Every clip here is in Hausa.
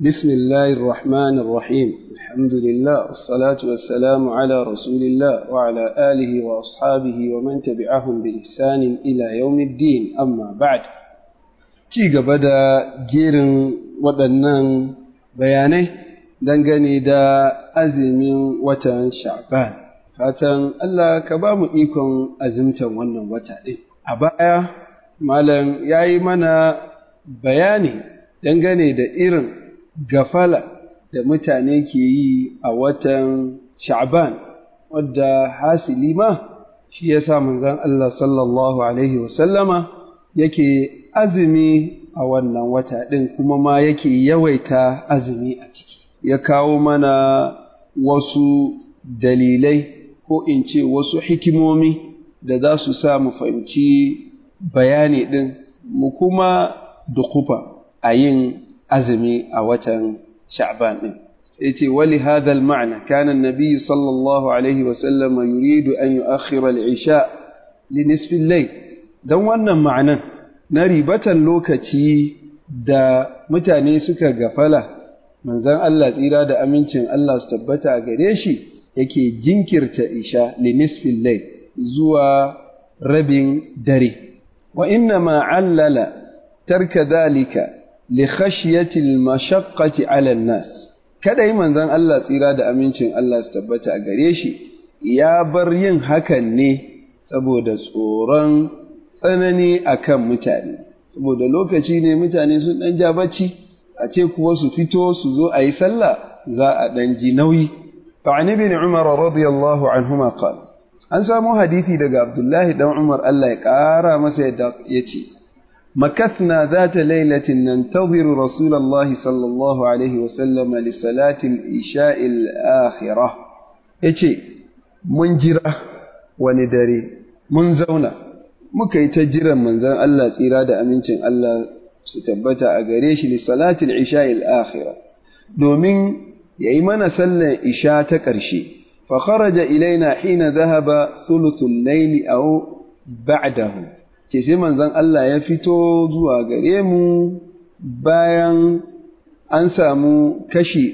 بسم الله الرحمن الرحيم الحمد لله والصلاة والسلام على رسول الله وعلى آله وأصحابه ومن تبعهم بإحسان إلى يوم الدين أما بعد كي قبدا جيرن وبنان بيانه دنغني دا أزم وتن شعبان فاتن الله كبام إيكم أزمتا ونن وتن أبايا مالا يايمنا بياني دنغني دا إيرن gafala da mutane ke yi a watan sha'ban wadda hasili ma shi ya sa manzon Allah sallallahu alaihi wasallama yake azumi a wannan wata ɗin kuma ma yake yawaita azumi a ciki ya kawo mana wasu dalilai ko in ce wasu hikimomi da za su sa mu fahimci bayani ɗin mu kuma dukufa a yin azumi a watan sha'ban din yace wali hadha al-ma'na kana an-nabi sallallahu alaihi wa sallam yuridu an yu'akhkhira al-isha li nisfi al-layl dan wannan ma'anan na ribatan lokaci da mutane suka gafala manzon Allah tsira da amincin Allah su tabbata gare shi yake jinkirta isha li nisfi al-layl zuwa rabin dare wa inna ma allala tarka dhalika li khashyatil mashaqqati 'ala nas kada yi manzon Allah tsira da amincin Allah su tabbata gare shi ya bar yin hakan ne saboda tsoron tsanani akan mutane saboda lokaci ne mutane sun ɗan ja bacci a ce kuwa su fito su zo a yi sallah za a dan ji nauyi فعن bin Umar radiyallahu anhu عنهما an samo hadisi daga abdullahi dan umar allah ya ƙara masa ya ce مكثنا ذات ليلة ننتظر رسول الله صلى الله عليه وسلم لصلاة الإشاء الآخرة إيشي منجرة وندري منزونة muka yi ta jiran manzon Allah tsira da amincin Allah su tabbata a gare shi li salatin isha il akhira domin yayi mana sallar isha ta ƙarshe fa kharaja ilaina hina dhahaba thuluthul layli aw ba'dahu ke sai manzon Allah ya fito zuwa gare mu bayan an samu kashi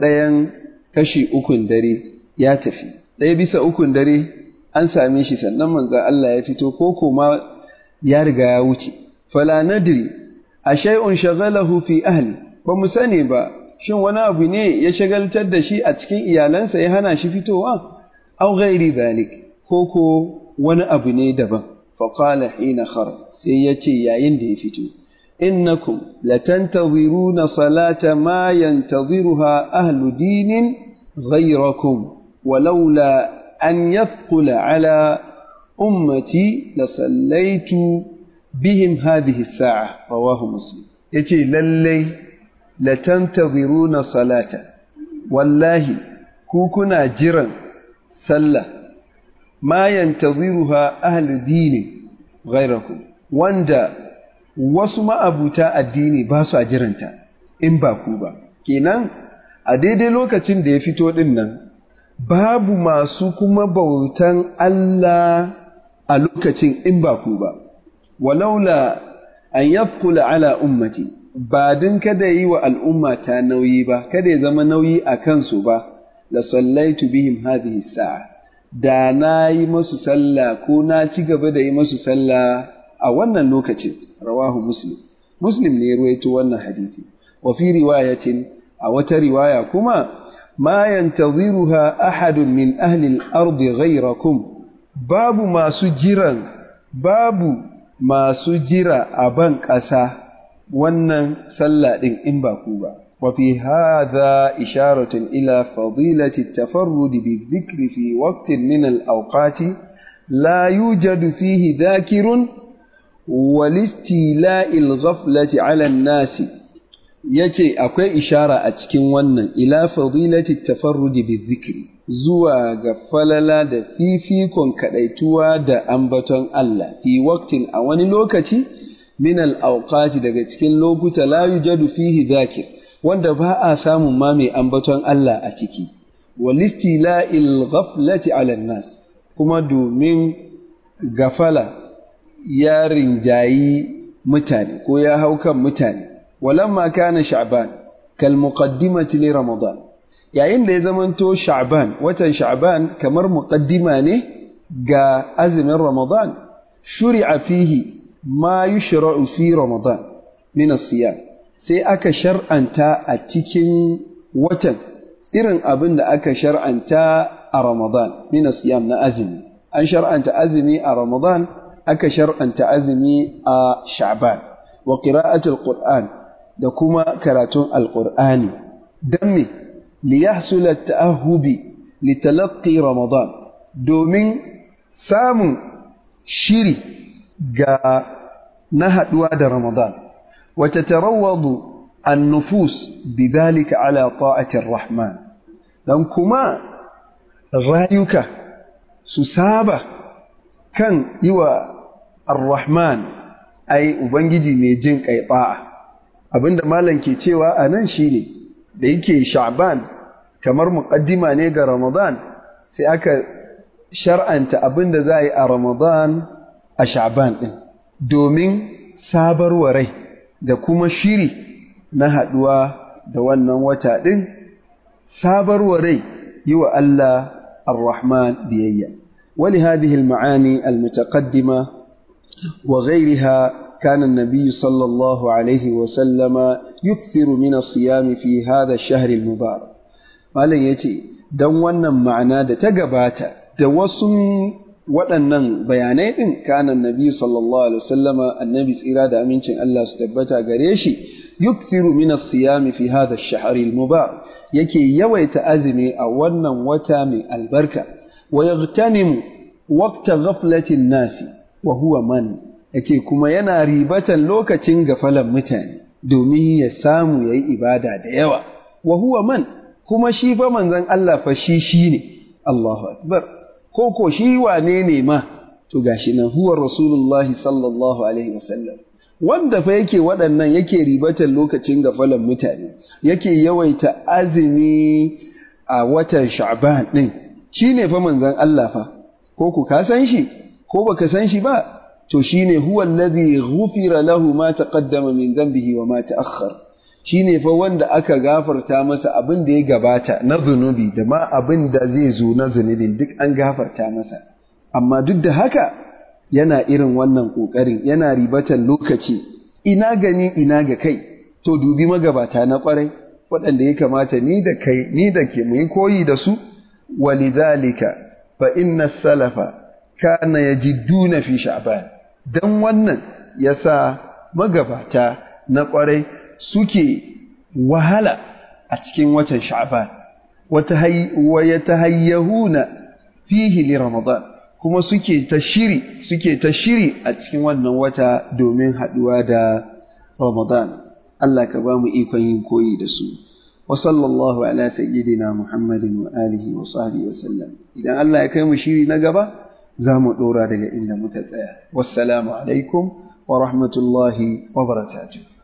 ɗayan kashi ukun dare ya tafi ɗaya bisa ukun dare an same shi sannan manzan Allah ya fito ko koma ya riga ya wuce fala nadri a shay'un shagalahu fi ahli ba mu sani ba shin wani abu ne ya shagaltar da shi a cikin iyalansa ya hana shi fitowa au ghairi zalik ko ko wani abu ne daban فقال حين خرج سيتي يا يندي فتو إنكم لتنتظرون صلاة ما ينتظرها أهل دين غيركم ولولا أن يثقل على أمتي لصليت بهم هذه الساعة رواه مسلم يتي للي لتنتظرون صلاة والله كوكنا جرا سلة ma yantaziruha ahli dini ghairakum wanda wasu ma'abuta addini ba su jiranta in ba ku ba kenan a daidai lokacin da ya fito din nan babu masu kuma bautan Allah a lokacin in ba ku ba walaula an yafkula ala ummati ba din kada yi wa al'umma ta nauyi ba kada ya zama nauyi a kansu ba la sallaitu bihim hadhihi sa'a da na yi masu sallah ko na ci gaba da yi masu sallah a wannan lokacin rawahu muslim muslim ne ruwaito wannan hadisi wa fi riwayatin a wata riwaya kuma ma yantaziruha ahadun min ahli al-ardi ghayrakum babu masu jiran babu masu jira a ban ƙasa wannan sallah din in ba ku ba وفي هذا إشارة إلى فضيلة التفرد بالذكر في وقت من الأوقات لا يوجد فيه ذاكر والاستيلاء الغفلة على الناس yace akwai ishara a cikin wannan ila fadilati tafarrudi bizikri zuwa ga falala da fifikon kaɗaituwa da ambaton Allah fi waqtin a wani lokaci min al daga cikin lokuta la yujadu fihi dhakir wanda ba a samun ma mai ambaton Allah a ciki walistila'il ghaflati 'alan nas kuma domin gafala ya rinjayi mutane ko ya hau kan mutane walamma kana sha'ban kal muqaddimati li ramadan yayin da ya zamanto sha'ban watan sha'ban kamar muqaddima ne ga azumin ramadan shuri'a fihi ma yushra'u fi ramadan min siyam sai aka shar'anta a cikin watan irin abin da aka shar'anta a Ramadan min siyam na azumi an shar'anta azumi a Ramadan aka shar'anta azumi a Sha'ban wa qira'atul Qur'an da kuma karatun Al-Qur'ani me li yahsula ta'ahhubi li talaqqi Ramadan domin samun shiri ga na haɗuwa da Ramadan وتتروض النفوس بذلك على طاعة الرحمن لأن كما رايك سسابة كان يوى الرحمن أي أبنجدي ميجين أي طاعة abinda malam ke cewa a nan shi ne da yake sha'ban kamar muƙaddima ne ga ramadan sai aka shar'anta abinda za a yi a ramadan a sha'ban ɗin domin sabarwa rai da kuma shiri na haɗuwa da wannan wata ɗin sabarwa rai yi wa Allah ar-Rahman biyayya. Wali hadihil ma'ani al-mutaqaddima wa ghairiha كان النبي صلى الله عليه وسلم يكثر من الصيام في هذا الشهر المبارك malam ya ce don wannan ma'ana da ta gabata da wasu waɗannan bayanai ɗin kanan nabi sallallahu alaihi wasallama annabi tsira da amincin Allah su tabbata gare shi yukthiru min as-siyami fi hadha ash-shahr al-mubarak yake yawaita azumi a wannan wata mai albarka wa yaghtanimu waqta ghaflati an-nasi wa huwa man yace kuma yana ribatan lokacin gafalan mutane domin ya samu yayi ibada da yawa wa huwa man kuma shi fa manzon Allah fa shi shine Allahu akbar ko ko shi wane ne ma to gashi nan huwa rasulullahi sallallahu alaihi wasallam wanda fa yake waɗannan yake ribatan lokacin gafalan mutane yake yawaita azumi a watan sha'ban ɗin shi ne fa manzon Allah fa ko ku ka san shi ko baka san shi ba to shine huwa allazi ghufira lahu ma taqaddama min dhanbihi wa ma ta'akhkhara shi ne fa wanda aka gafarta masa abin da ya gabata na zunubi da ma abin da zai zo na zunubi duk an gafarta masa amma duk da haka yana irin wannan ƙoƙarin yana ribatan lokaci ina gani ina ga kai to dubi magabata na ƙwarai waɗanda ya kamata ni da kai ni da ke mu yi koyi da su walidhalika fa inna salafa kana yajidduna fi sha'ban dan wannan ya sa magabata na ƙwarai suke wahala a cikin watan sha'ban wa yatahayyahuna fihi li ramadan kuma suke ta shiri suke ta shiri a cikin wannan wata domin haduwa da ramadan Allah ka ba mu ikon yin koyi da su wa sallallahu ala sayyidina muhammadin wa alihi wa sahbihi wa sallam idan Allah ya kai mu shiri na gaba za mu dora daga inda muka tsaya wassalamu alaikum wa rahmatullahi wa barakatuh